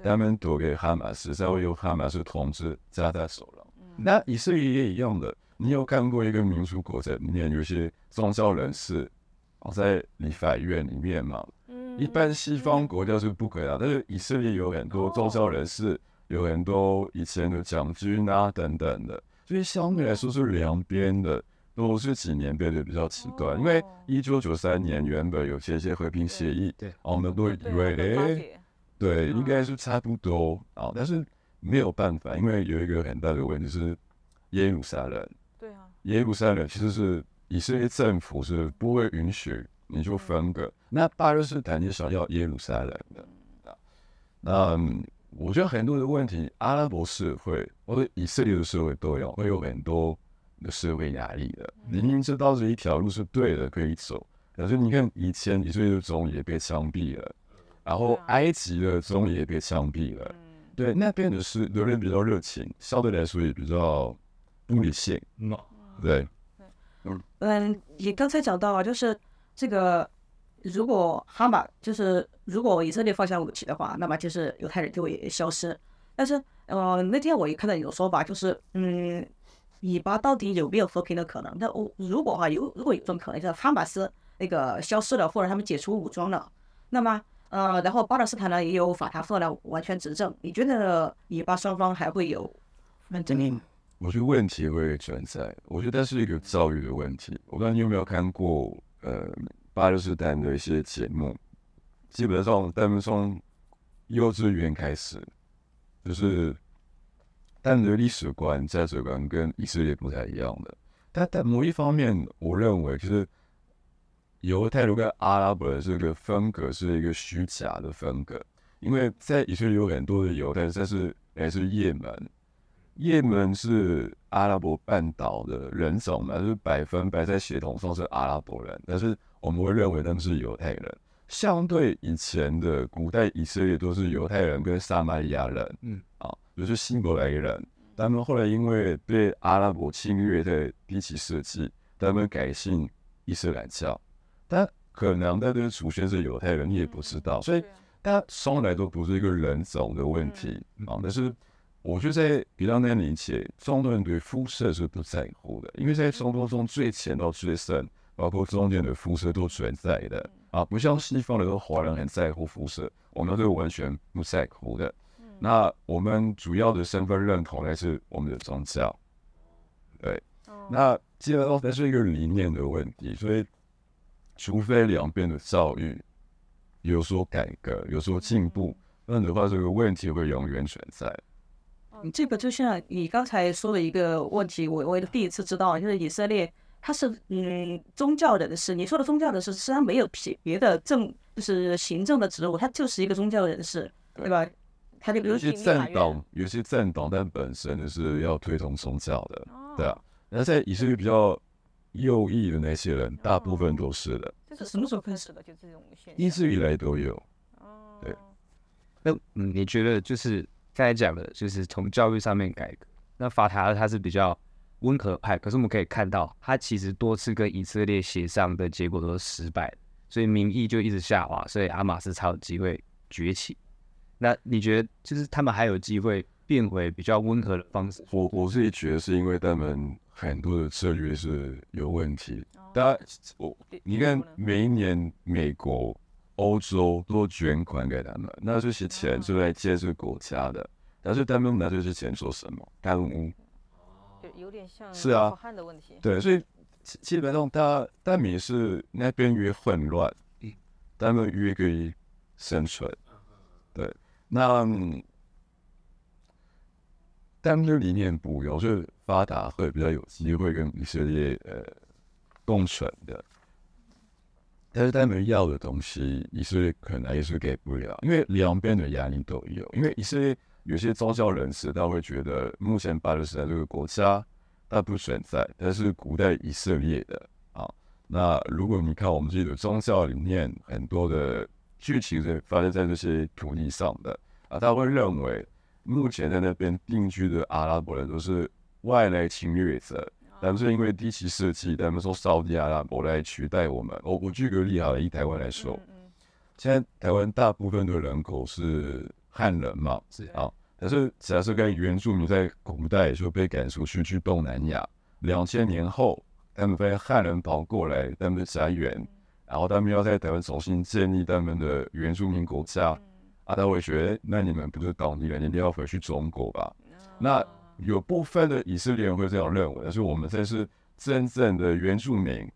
他們躲給哈馬斯，才會由哈馬斯統治加沙走廊，嗯。那以色列也一樣的，你有看過一個民主國家，程，裡面有些宗教人士在立法院裡面嘛？一般西方國家是不可以啊、嗯，但是以色列有很多宗教人士，哦、有很多以前的將軍啊等等的，所以相對來說是兩邊的、哦、都是幾年變得比較極端、哦。因為一九九三年原本有些一些和平協議，對，我們都以為哎，對，應該是差不多、嗯、啊，但是沒有辦法，因為有一個很大的問題是耶路撒冷。對啊，耶路撒冷其實是以色列政府是不會允許。嗯嗯你就分個那巴勒斯坦，你想要耶路撒冷的。那、嗯、我覺得很多的問題，阿拉伯社會或者以色列的社會都有，會有很多的社會壓力的。明明知道這一條路是對的，可以走，可是你看以前以色列的總理也被槍斃了，然後埃及的總理也被槍斃了，對，那邊的是那邊比較熱情，相對來說也比較不理性，no. 對，嗯嗯，你剛才講到就是。這個如果哈馬就是如果以色列放下武器的話，那麼就是猶太人就會消失。但是、呃，嗯那天我也看到一種說法，就是嗯，以巴到底有沒有和平的可能？那我如果哈、啊、有，如果有一種可能就是哈馬斯那個消失了，或者他們解除武裝了，那麼呃，然後巴勒斯坦呢也有法塔赫呢完全執政，你覺得以巴雙方還會有、嗯？那肯定，我覺得問題會存在。我覺得是一個教育的問題。我不知道你有沒有看過。呃，巴勒斯坦的一些節目，基本上他們從幼稚園開始，就是他們的歷史觀、價值觀跟以色列不太一樣的。但在某一方面，我認為就是猶太人跟阿拉伯人這個風格是一個虛假的風格，因為在以色列有很多的猶太人，但是來自也門也門是。阿拉伯半島的人種嘛，就是百分百，在血統上是阿拉伯人，但是我們會認為他們是猶太人。相對以前的古代以色列都是猶太人跟撒瑪利亞人，嗯，啊，比如說希伯來人，他們後來因為被阿拉伯侵略的逼起設計，他們改信伊斯蘭教。但可能的呢，祖先是猶太人，你也不知道，嗯、所以他從、啊、來都不是一個人種的問題、嗯嗯、啊，但是。我覺得在比較難理解，中國人對膚色是不在乎的，因為在生活中最淺到最深，包括中間的膚色都存在的啊，不像西方的華人很在乎膚色，我們都完全不在乎的。那我們主要的身份認同還是我們的宗教，對，那基本上還是一個理念的問題，所以除非兩邊的教育有所改革、有所進步，不然的話這個問題會永遠存在。你這個就像你剛才說的一個問題，我我也第一次知道，就是以色列他是嗯宗教人士。你說的宗教人士，實際上沒有別別的政就是行政的職務，他就是一個宗教人士，對吧？對，他就比如一些政黨、啊，有些政黨但本身就是要推崇宗教的，對啊。那、哦、在以色列比較右翼的那些人，哦、大部分都是的。這是什麼時候開始的？就這種現象，一直以來都有。對。哦、那嗯，你覺得就是？剛才講的就是從教育上面改革。那法塔爾他是比較溫和派，可是我們可以看到，他其實多次跟以色列協商的結果都是失敗，所以民意就一直下滑，所以哈瑪斯才有機會崛起。那你覺得，就是他們還有機會變回比較溫和的方式？我我自己覺得，是因為他們很多的策略是有問題。但、oh. 我你看，每一年美國。歐洲都捐款給他們，那這些錢是來借這個國家的，但是他們拿這些錢做什麼？貪污，就有點像是阿富汗的問題。對，所以基本上他，他們是那邊越混亂，他們越可以生存。對，那他們、嗯、理念不所以發達，會比較有機會跟以色列呃共存的，但是他們要的東西，以色列可能也是給不了，因為兩邊的壓力都有。因為以色列有些宗教人士，他會覺得目前巴勒斯坦這個國家它不存在，他是古代以色列的啊。那如果你看我們自己的宗教裡面很多的劇情是發生在這些土地上的啊，他會認為目前在那邊定居的阿拉伯人都是外來侵略者。他們是因為第七世紀，他們說沙烏地阿拉伯來取代我們，我我舉個例子，以台灣來說，現在台灣大部分的人口是漢人嘛。是啊。但是假設跟原住民在古代就被趕出去去東南亞，兩千年後他們被漢人跑過來，他們想員，然後他們要在台灣重新建立他們的原住民國家，啊，他會覺得，那你們不是當地人，你們要回去中國吧？那。有部分的以色列人會這樣認為，但是我們才是真正的原住民。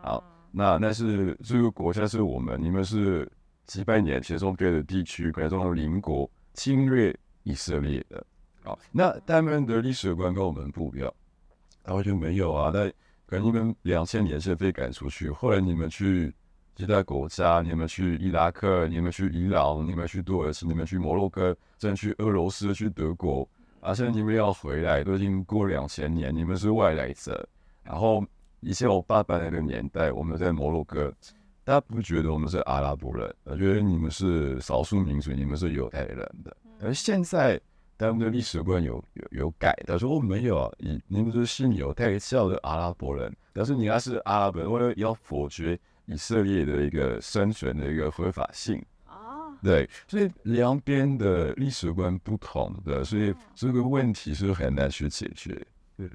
好，那那是這個國家是我們，你們是幾百年前從別的地區，可能從鄰國侵略以色列的。嗯，好，那他們的歷史觀跟我們不一樣。然後就沒有啊？那可能你們兩千年是被趕出去，後來你們去其他國家，你們去伊拉克，你們去伊朗，你們去土耳其，你們去摩洛哥，甚至去俄羅斯，去德國。而、啊、且你們要回來，都已經過兩千年，你們是外來者。然後以前我爸爸那個年代，我們在摩洛哥，他不覺得我們是阿拉伯人，他覺得你們是少數民族，你們是猶太人的。而現在他們的歷史觀有有有改，他說我、哦、沒有啊，你們是信猶太教的阿拉伯人，但是你還是阿拉伯人，為了要否決以色列的一個生存的一個合法性。對，所以兩邊的歷史觀不同的，所以這個問題是很難去解決。對，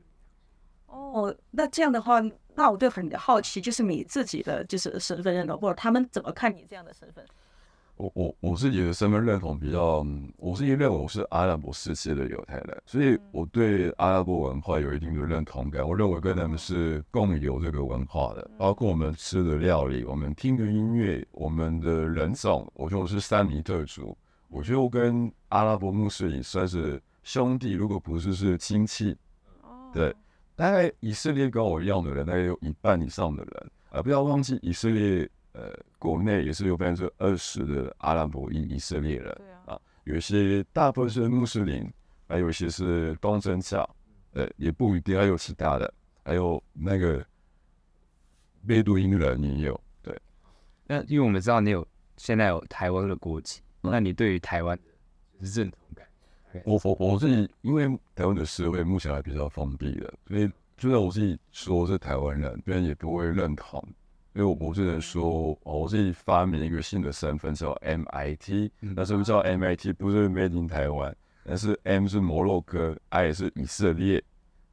哦，那這樣的話，那我就很好奇，就是你自己的就是身份認同，或者他們怎麼看你這樣的身份？我我我自己的身份認同比較，我因為認為我是阿拉伯世界的猶太人，所以我對阿拉伯文化有一定的認同感。我認為跟他們是共有這個文化的，包括我們吃的料理，我們聽的音樂，我們的人種。我覺得我是三米特族，我覺得我跟阿拉伯穆斯林算是兄弟，如果不是是親戚。對，大概以色列跟我一樣的人，大概有一半以上的人。啊、呃，不要忘記以色列。呃，國內也是有百分之二十的阿拉伯裔以色列人。對啊，啊，有一些大部分是穆斯林，還有一些是東正教，呃，也不一定還有其他的，還有那個貝都因人也有。對，那因為我們知道你有現在有台灣的國籍，嗯。那你對於台灣認同感？我我我是因為台灣的社會目前還比較封閉的，所以就算我自己說是台灣人，別人也不會認同。所以，我某些人說，我自己發明一個新的身份，叫 MIT。那什麼叫 MIT？不是 Made in 台灣，但是 M 是摩洛哥，I 是以色列，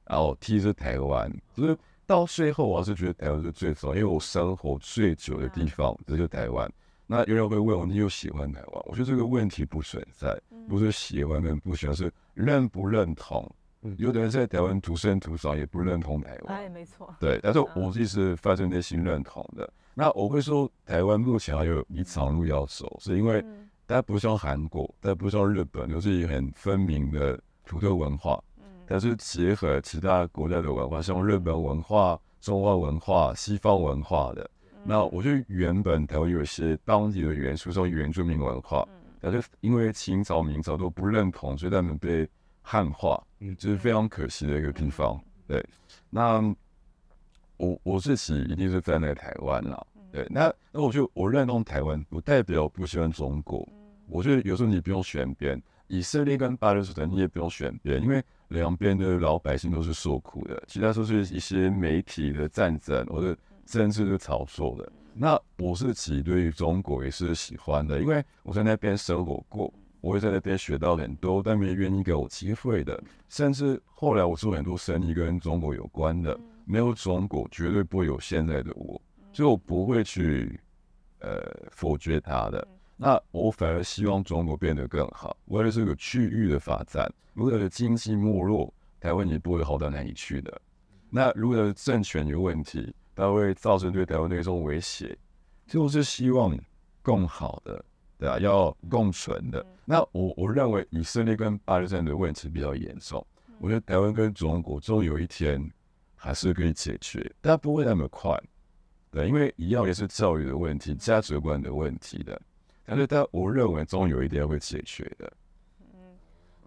然後 T 是台灣。就是到最後，我還是覺得台灣是最重要，因為我生活最久的地方，這就是台灣。那有人會問我，你有喜歡台灣？我覺得這個問題不存在，不是喜歡跟不喜歡，是認不認同。 [noise] 有的人在台灣土生土長，也不認同台灣。哎，對，但是我自己是發自內心認同的。嗯、那我會說，台灣目前還有一條路要走，是因為大家不像韓國，但不像日本，就是很分明的獨特文化。但是結合其他國家的文化，像日本文化、中華文化、西方文化的，那我就原本台灣有些當地的元素，像原住民文化，但是因為清朝、明朝都不認同，所以他們被漢化。嗯，這是非常可惜的一個地方。對，那我我自己一定是站在台灣啦。對，那那我就我認同台灣，不代表不喜歡中國。我覺得有時候你不用選邊，以色列跟巴勒斯坦你也不用選邊，因為兩邊的老百姓都是受苦的。其他都是一些媒體的戰爭或者政治的炒作的。那我自己對於中國也是喜歡的，因為我在那邊生活過。我會在那邊學到很多，但沒人願意給我機會的。甚至後來我做很多生意跟中國有關的，沒有中國絕對不會有現在的我，所以我不會去呃否決他的。那我反而希望中國變得更好，為了這個區域的發展。如果經濟沒落，台灣也不會好到哪裡去的。那如果政權有問題，它會造成對台灣的一種威脅。所以我是希望更好的。對啊，要共存的。那我我認為以色列跟巴勒斯坦的問題比較嚴重。我覺得台灣跟中國總有一天還是可以解決，但不會那麼快。對啊，因為一樣也是教育的問題、價值觀的問題的。但是，但我認為總有一天會解決的。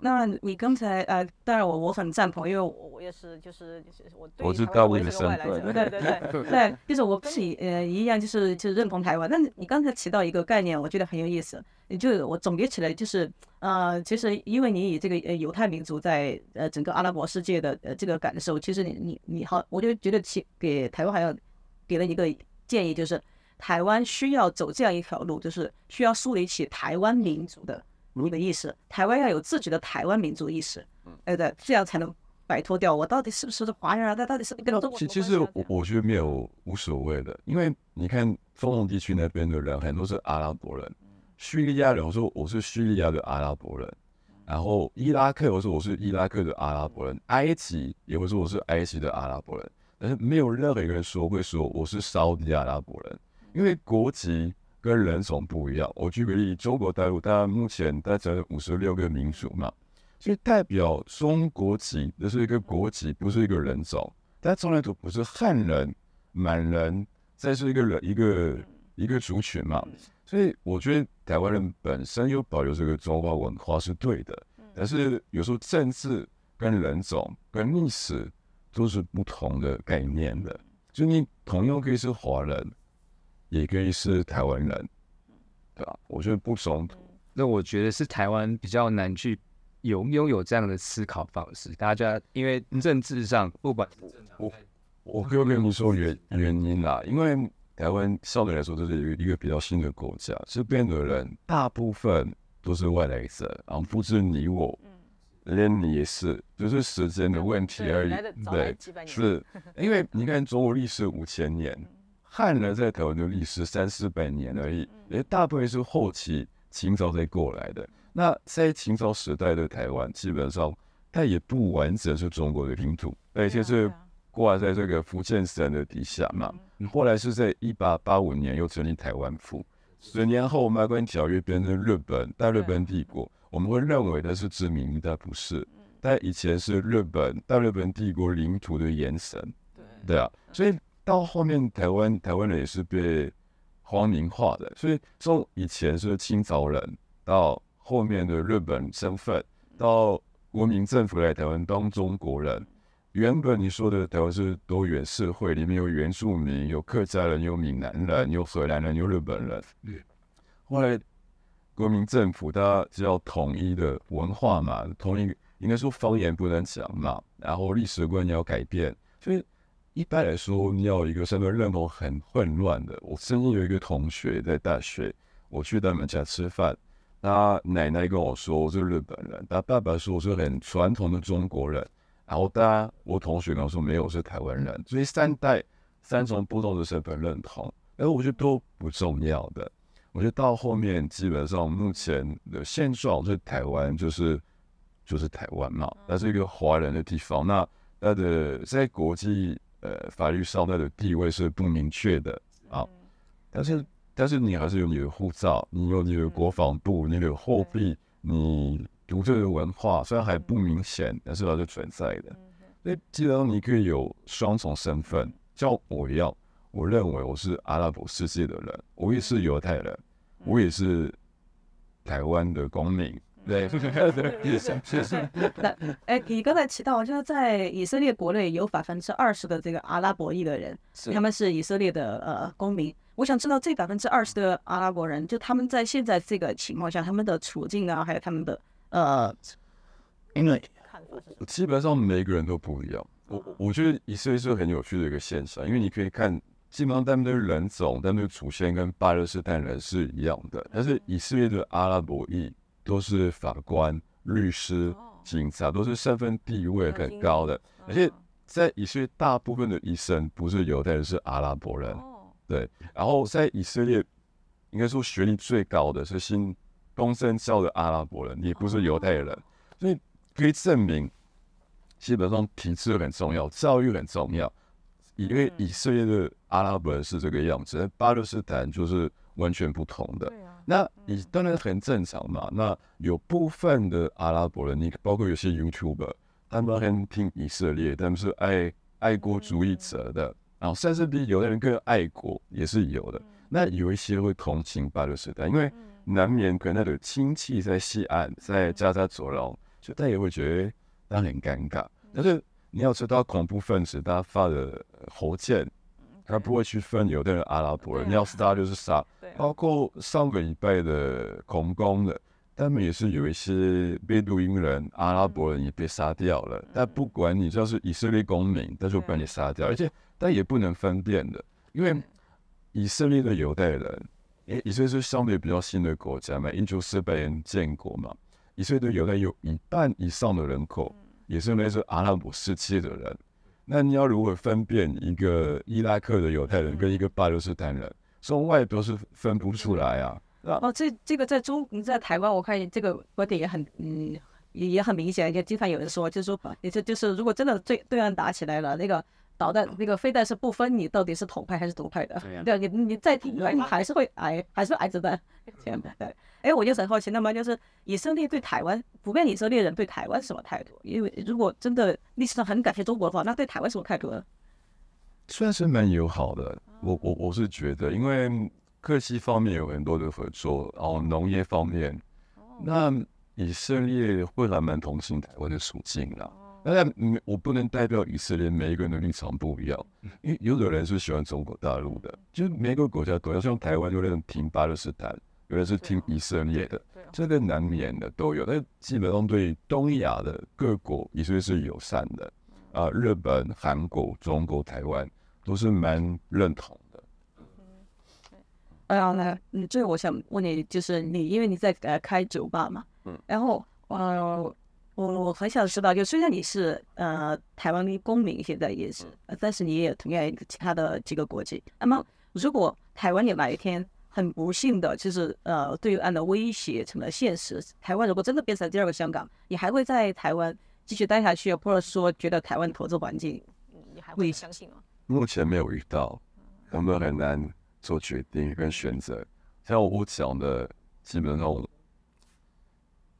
那你剛才呃，當然我我很贊同，因為我我也是就是我對台灣的這個外來者，對，對對對 [laughs] 對，就是我跟你呃一樣、就是，就是就是認同台灣。但是你剛才提到一個概念，我覺得很有意思，就是我總結起來就是，呃，其實因為你以這個呃猶太民族在呃整個阿拉伯世界的呃這個感受，其實你你你好，我就覺得其給台灣還要給了一個建議，就是台灣需要走這樣一條路，就是需要樹立起台灣民族的。嗯你的意識，台灣要有自己的台灣民族意識，嗯，對，對，這樣才能擺脫掉我到底是不是，是華人啊？那到底是一個中國。其其實我我覺得沒有，無所謂的，因為你看中東地區那邊的人很多是阿拉伯人、敘利亞人，我說我是敘利亞的阿拉伯人，然後伊拉克我說我是伊拉克的阿拉伯人，嗯、埃及也會說我是埃及的阿拉伯人，但是沒有任何一個人說會說我是 Saudi 的阿拉伯人，因為國籍。跟人種不一樣。我舉個例子，中國大陸，它目前它只有五十六個民族嘛，所以代表中國籍，那是一個國籍，不是一個人種。但從來都不是漢人、滿人，再是一個人、一個一個族群嘛。所以我覺得台灣人本身有保留這個中華文化是對的，但是有時候政治跟人種跟歷史都是不同的概念的。就你同樣可以是華人。也可以是台灣人、嗯，對吧？我覺得不衝突、嗯。那我覺得是台灣比較難去有擁有這樣的思考方式。大家因為政治上不，不、嗯、管我，、嗯、我，我可以跟你說原、嗯、原因啦。嗯、因為台灣相對來說，就是一個比較新的國家。這邊的人大部分都是外來者，然、嗯、後不只是你我、嗯，連你也是，只、就是時間的問題而已、嗯。對，是，因為你看中國歷史五千年。漢人在台灣的歷史三四百年而已，也大部分是後期清朝才過來的。那在清朝時代的台灣，基本上它也不完整是中國的領土，而且是掛在這個福建省的底下嘛。後來是在一八八五年又成立台灣府，十年後馬關條約變成日本大日本帝國。我們會認為它是殖民，但不是，但以前是日本大日本帝國領土的延伸。對，對啊，所以。到後面台，台灣台灣人也是被皇民化的，所以說以前是清朝人，到後面的日本身份，到國民政府來台灣當中國人。原本你說的台灣是多元社會，裡面有原住民，有客家人，有閩南人，有荷蘭人，有日本人。後來國民政府，它只要統一的文化嘛，統一應該說方言不能講嘛，然後歷史觀要改變，所以。一般來說，你要有一個身份認同很混亂的。我曾經有一個同學在大學，我去他們家吃飯，他奶奶跟我說我是日本人，他爸爸說我是很傳統的中國人，然後他我同學跟我說沒有我是台灣人，所以三代三重不同的身份認同，哎，我覺得都不重要的。我覺得到後面基本上目前的現狀，就是，就是台灣就是就是台灣嘛，那是一個華人的地方，那它的在國際。呃，法律上的地位是不明確的啊。但是，但是你還是有你的護照，你有你的國防部，你的貨幣，你獨特的文化，雖然還不明顯，但是它是存在的。所以，既然你可以有雙重身份，像我一樣，我認為我是阿拉伯世界的人，我也是猶太人，我也是台灣的公民。對 [laughs] 對，謝 [laughs] 謝。是是 [laughs] 那哎，欸、你剛才提到，就是在以色列國內有百分之二十的這個阿拉伯裔的人，是，他們是以色列的呃公民。我想知道這百分之二十的阿拉伯人，就他們在現在這個情況下，他們的處境啊，還有他們的呃，因為，看法是什麼？基本上每一個人都不一樣。我我覺得以色列是個很有趣的一個現象，因為你可以看，基本上他們都是人種，但那個祖先跟巴勒斯坦人是一樣的，但是以色列的阿拉伯裔。都是法官、律師、警察，都是身份地位很高的。而且在以色列，大部分的醫生不是猶太人，是阿拉伯人。對，然後在以色列，應該說學歷最高的，是信東正教的阿拉伯人，也不是猶太人。所以可以證明，基本上體制很重要，教育很重要。因為以色列的阿拉伯人是這個樣子，巴勒斯坦就是。完全不同的，那你當然很正常嘛。那有部分的阿拉伯人，你包括有些 YouTuber，他們很挺以色列，他們是愛愛國主義者的，然後甚至比有的人更愛國也是有的。那有一些會同情巴勒斯坦，因為難免跟他的親戚在西岸在加沙走廊，就他也會覺得他很尷尬。但是你要知道，恐怖分子他發的火箭。他不會去分猶太人、阿拉伯人，啊、你要是殺就是殺、啊啊。包括上個禮拜的恐攻的，他們也是有一些貝都因人、阿拉伯人也被殺掉了、嗯。但不管你就是以色列公民，他就把你殺掉、啊，而且但也不能分辨的，因為以色列的猶太人誒，以色列是相對比較新的國家嘛，一九四八年建國嘛，以色列猶太有,有一半以上的人口、嗯、也是那些阿拉伯世界的人。那你要如何分辨一個伊拉克的猶太人跟一個巴勒斯坦人？從外表是分不出來啊！啊，哦，這這個在中在台灣我，我看這個觀點也很，嗯，也很明顯，就經常有人說，就是說，也就就是如果真的對對岸打起來了，那個。導彈那個飛彈是不分你到底是統派還是獨派的，對啊，對啊，你你再統你還是會挨，還是會挨子彈，這樣對。哎，我就很好奇，那麼就是以色列對台灣，普遍以色列人對台灣什麼態度？因為如果真的歷史上很感謝中國的話，那對台灣什麼態度呢？算是蠻友好的，我我我是覺得，因為科技方面有很多的合作，哦，農業方面，那以色列會還蠻同情台灣的處境的。那沒，我不能代表以色列每一個人的立場不一樣，因為有的人是喜歡中國大陸的，就是每個國家都要像台灣，有人挺巴勒斯坦，有人是挺以色列的，哦哦、這個難免的都有。但基本上對東亞的各國以色列是友善的，啊、呃，日本、韓國、中國、台灣都是蠻認同的。哎、嗯、呀，那、嗯、你、呃、這個我想問你，就是你因為你在開酒吧嘛，嗯，然後呃。我我很想知道，就雖然你是呃台灣的公民，現在也是、嗯，但是你也同樣其他的幾個國籍。那、嗯、麼，如果台灣有哪一天很不幸的，就是呃對岸的威脅成了現實，台灣如果真的變成第二個香港，你還會在台灣繼續待下去，或者說覺得台灣的投資環境，你還會相信嗎、哦？目前沒有遇到、嗯，我們很難做決定跟選擇、嗯。像我講的，基本上我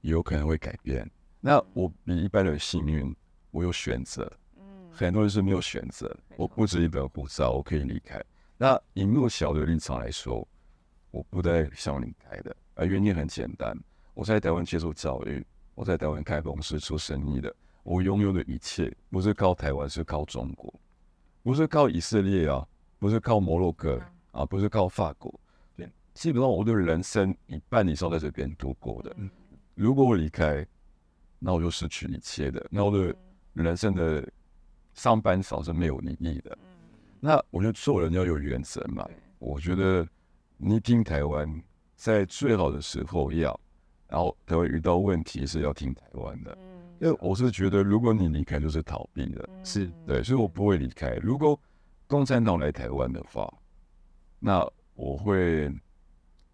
有可能會改變。那我比一般人幸運，我有選擇、嗯。很多人是沒有選擇。我不止一本護照，我可以離開。那以弱小的立場來說，我不太想離開的，而原因很簡單：我在台灣接受教育，我在台灣開公司做生意的，我擁有的一切不是靠台灣，是靠中國，不是靠以色列啊，不是靠摩洛哥、嗯、啊，不是靠法國。嗯、基本上，我的人生一半以上在這邊度過的。嗯、如果我離開，那我就失去一切的，那我的人生的上半場是沒有意義的。那我覺得做人要有原則嘛。我覺得你挺台灣在最好的時候要，然後台灣遇到問題是要挺台灣的。因為我是覺得，如果你離開就是逃避的，是對，所以我不會離開。如果共產黨來台灣的話，那我會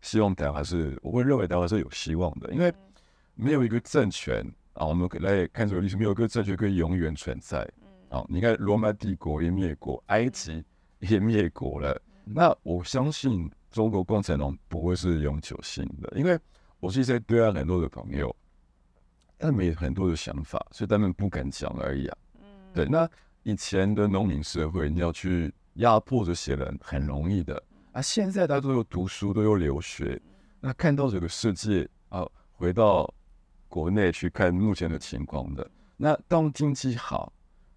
希望台灣還是我會認為台灣是有希望的，因為沒有一個政權。啊，我們可以來看這個歷史，沒有一個政權可以永遠存在。好，啊，你看羅馬帝國也滅國，埃及也滅國了。那我相信中國共產黨不會是永久性的，因為我自己在對岸很多的朋友，他們有很多的想法，所以他們不敢講而已啊。嗯，對。那以前的農民社會，你要去壓迫這些人很容易的，啊，現在他都有讀書，都有留學，那看到這個世界啊，回到。國內去看目前的情況的，那當經濟好，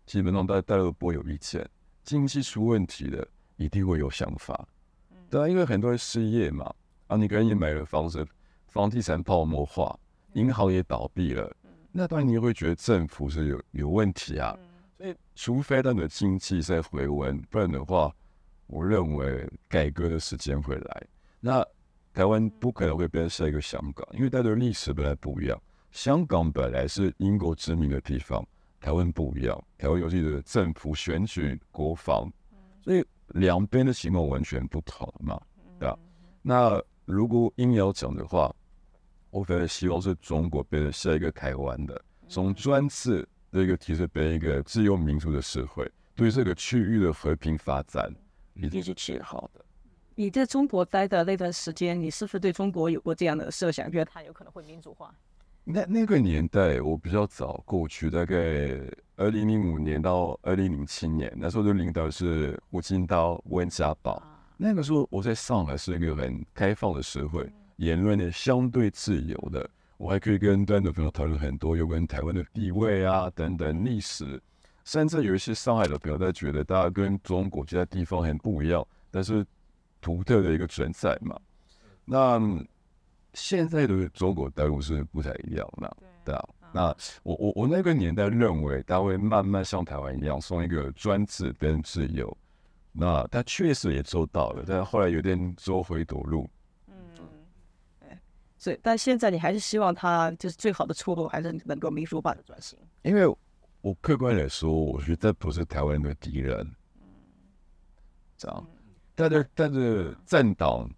基本上大家大都不會有意見；經濟出問題的，一定會有想法。對、嗯、啊，但因為很多人失業嘛，啊，你可能也買了房子，房地產泡沫化，銀、嗯、行也倒閉了，那當然你會覺得政府是有有問題啊。嗯、所以，除非他的經濟在回溫，不然的話，我認為改革的時間會來。那台灣不可能會變成下一個香港，因為大家的歷史本來不一樣。香港本來是英國殖民的地方，台灣不一樣，台灣有自己的政府、選舉、國防，所以兩邊的情況完全不同嘛，對、嗯、吧、啊。那如果硬要講的話，我非常希望是中國變成下一個台灣的，從專制的一個體制變成一個自由民主的社會，對這個區域的和平發展一定是最好的、嗯嗯嗯。你在中國待的那段時間，你是不是對中國有過這樣的設想，覺得它有可能會民主化？那那個年代，我比較早過去，大概二零零五年到二零零七年，那時候的領導是胡錦濤、溫家寶。那個時候我在上海是一個很開放的社會，言論呢相對自由的，我還可以跟端的朋友討論很多有關台灣的地位啊等等歷史，甚至有一些上海的朋友他覺得大家跟中國其他地方很不一樣，但是獨特的一個存在嘛。那現在的中國大陸是不太一樣了，對啊。那我我我那個年代認為他會慢慢像台灣一樣，從一個專制變自由。那他確實也做到了，但後來有點走回頭路。嗯，對。所以，但現在你還是希望他就是最好的出路，還是能夠民主化的轉型？因為，我客觀來說，我覺得不是台灣的敵人。嗯，這樣。但是，但是政黨。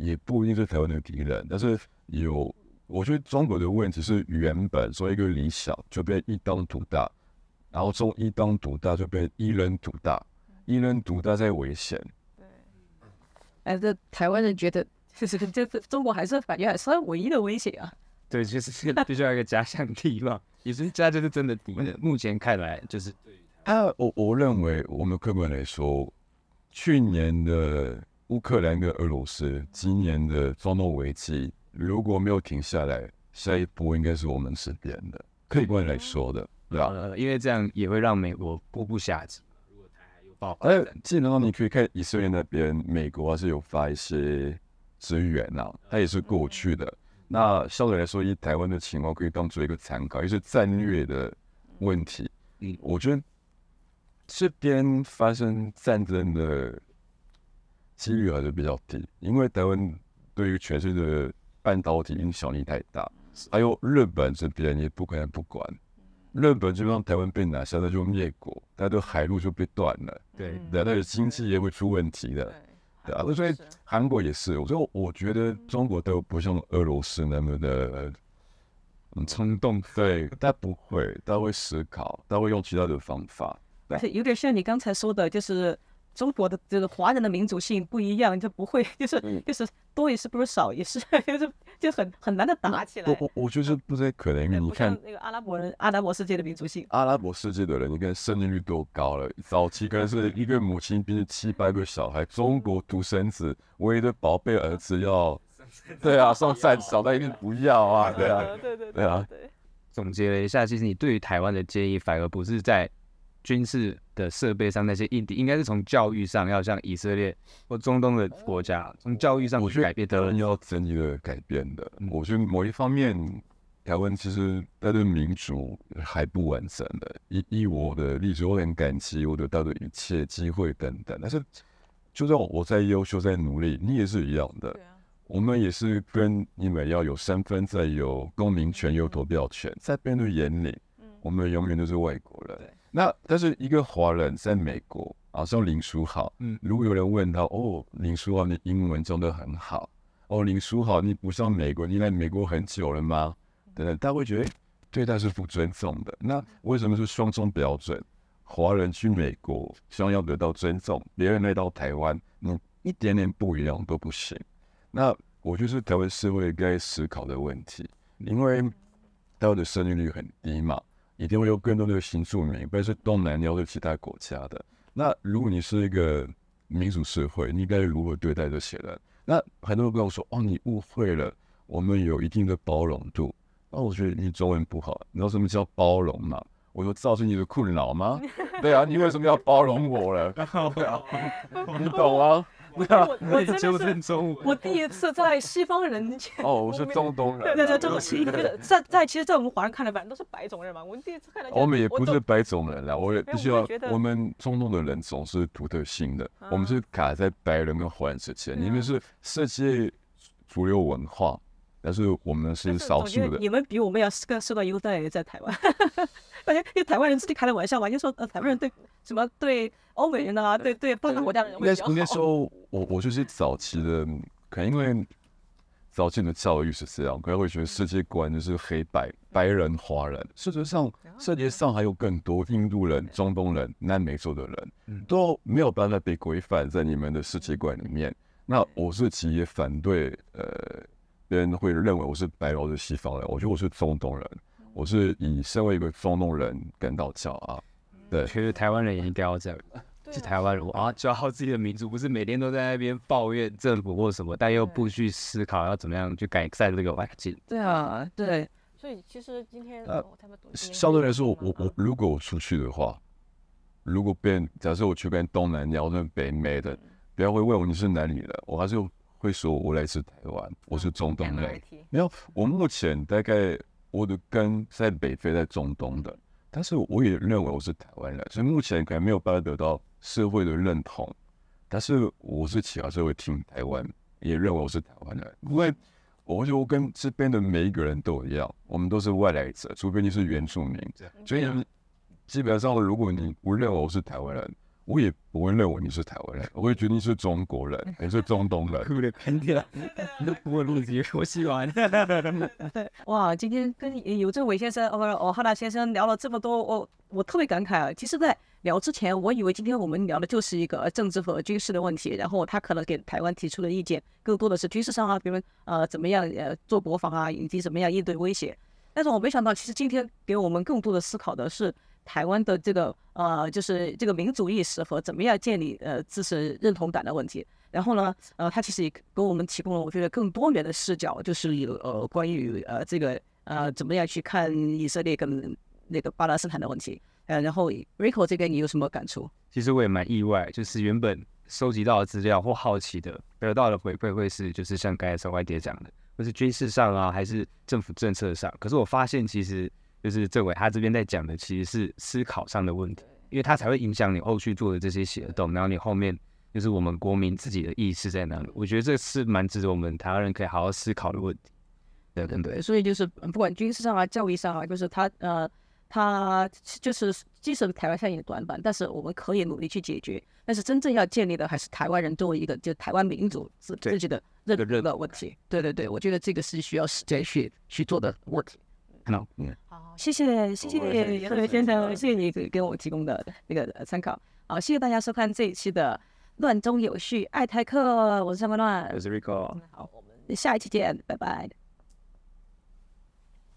也不一定是台灣的敵人，但是有，我覺得中國的問題是，原本說一個理想就被一黨獨大，然後從一黨獨大就被一人獨大，一人獨大在危險。對，哎、啊，這台灣人覺得就是就是中國還是感覺還算是唯一的威脅啊。對，就是必須要一個假想敵嘛，其 [laughs] 實家就是真的敵人，目前看來就是，啊，我我認為我們客觀來說，去年的。烏克蘭跟俄羅斯今年的中東危機，如果沒有停下來，下一波應該是我們身邊的。客觀來說的，對、啊嗯嗯、的因為這樣也會讓美國顧不暇，如果台灣又爆發，哎、欸，基本上你可以看以色列那邊、嗯，美國、啊、是有發一些支援吶、啊，它也是過去的。那相對來說，以台灣的情況可以當做一個參考，也是戰略的問題。嗯，我覺得這邊發生戰爭的幾率還是比較低，因為台灣對於全世界的半導體影響力太大，還有日本這邊也不可能不管。日本基本上台灣被拿下，那就滅國，他的海路就被斷了。對對，他的經濟也會出問題的。對，對，對啊，所以韓國也是，我覺我覺得中國都不像俄羅斯那麼的嗯、衝動。對，他不會，他會思考，他會用其他的方法。對，有點像你剛才說的，就是。中國的就是華人的民族性不一樣，他不會就是就是多一事不如少一事，就是就很很難的打起來。嗯、我我我覺得不太可能。嗯、你看那個阿拉伯人、阿拉伯世界的民族性，阿拉伯世界的人，你看生育率多高了。早期可能是一個母親生 [laughs] 七八個小孩， [laughs] 中國獨生子唯一的寶貝兒子要，啊對啊上戰場，但一定不要啊，啊對啊對對對、對、對、對啊。總結了一下，其實你對於台灣的建議，反而不是在。軍事的設備上，那些硬體應該是從教育上，要像以色列或中東的國家，從教育上去改變。台灣要整體的改變的，我覺得某一方面，台灣其實它的民主還不完整的。以以我的例子，我很感激我得到的一切機會等等。但是就算我再優秀再努力，你也是一樣的。我們也是跟你們要有身份，再有公民權、有投票權，在別人的眼裡，我們永遠都是外國人。那但是一個華人在美國，好像林書豪，如果有人問他，哦，林書豪，你英文講得很好，哦，林書豪，你不像美國人，你來美國很久了嗎？等等，他會覺得對他是不尊重的。那為什麼是雙重標準？華人去美國想要得到尊重，別人來到台灣，你一點點不一樣都不行。那我就是台灣社會該思考的問題，因為他的生育率很低嘛。一定會有更多的新住民，不管是東南亞的其他國家的。那如果你是一個民主社會，你應該如何對待這些人？那很多人跟我說：“哦，你誤會了，我們有一定的包容度。哦”那我覺得你中文不好，你知道什麼叫包容嗎？我又造成你的困擾嗎？ [laughs] 對啊，你為什麼要包容我了？ [laughs] 對啊， [laughs] 你懂啊？我，我，我真的是中文。我第一次在西方人前 [laughs] 哦，我是中東，東人、啊。對 [laughs] 對，對不起。在在，其實，在我們華人看來，反正都是白種人嘛。我們第一次看到。我們也不是白種人啦，我也必須要。我們中東的人總是獨特性的，我，我們是卡在白人跟華人之間，你、啊、們是世界主流文化，但是我們是少數的。你們比我們要更受到優待，在台灣。 [laughs] 因為台灣人自己開的玩笑嘛，就說呃，台灣人對什麼對歐美人啊，對對發達國家人會比較好說。我我就是早期的，可能因為早期的教育是這樣，可能會覺得世界觀就是黑白、嗯，白人、華人。事實上，世界上還有更多印度人、中東人、南美洲的人，都沒有辦法被規範在你們的世界觀裡面。那我是其實也反對，呃，別人會認為我是白人或者西方人，我覺得我是中東人。我是以身為一個中東人感到驕傲。啊，對，其實台灣人也應該要這樣，是台灣人啊，驕傲自己的民族，不是每天都在那邊抱怨政府或什麼，但又不去思考要怎麼樣去改善這個環境。對啊對，對，所以其實今天我他們相對來說，嗯、我我如果我出去的話，嗯、如果別人假設我去跟東南亞或者北美的，別、嗯、人會問我，你是哪裡的，我還是會說我來自台灣，我是中東的。沒有，我目前大概、嗯。嗯我的根在北非，在中東的，但是我也認為我是台灣人，所以目前可能沒有辦法得到社會的認同，但是我是其他社會聽台灣，也認為我是台灣人，因為我覺得我跟這邊的每一個人都一樣，我們都是外來者，除非你是原住民，所以基本上如果你不認為我是台灣人。我也不會認為你是台灣人，我會覺得你是中國人，你是中東人。對， [laughs] 肯定啦，你都不會邏輯，我喜歡。哇，今天跟尤正瑋先生，哦、呃，哦哈納先生聊了這麼多，我我特別感慨啊。其實在聊之前，我以為今天我們聊的就是一個政治和軍事的問題，然後他可能給台灣提出的意見更多的是軍事上啊，比如呃怎麼樣呃做國防啊，以及怎麼樣應對威脅。但是我沒想到，其實今天給我們更多的思考的是。台灣的這個呃，就是這個民族意識和怎麼樣建立呃自身認同感的問題。然後呢，呃，他其實也給我們提供了我覺得更多元的視角，就是有呃關於呃這個呃怎麼樣去看以色列跟那個巴勒斯坦的問題。呃，然後 RICO 這邊你有什麼感觸？其實我也蠻意外，就是原本收集到的資料或好奇的得到的回饋，會是就是像剛才周外姐講的，或是軍事上啊，還是政府政策上。可是我發現其實。就是正瑋他這邊在講的其實是思考上的問題，因為他才會影響你後續做的這些行動。然後你後面就是我們國民自己的意識在哪裡？我覺得這是蠻值得我們台灣人可以好好思考的問題。對對、嗯、對，所以就是不管軍事上啊、教育上啊，就是他呃，他就是即使台灣上有短板，但是我們可以努力去解決。但是真正要建立的還是台灣人作為一個就台灣民族自自己的認知的問題對。對對對，我覺得這個是需要時間去去做的問題。 [noise] 好，嗯，好， [noise] 謝謝，謝謝正瑋先生， [noise] 謝謝你給給我提供的那個參考。好，謝謝大家收看這一期的《亂中有序愛台客》，我是上官亂，我是 Rico。好，我們下一期見，拜拜。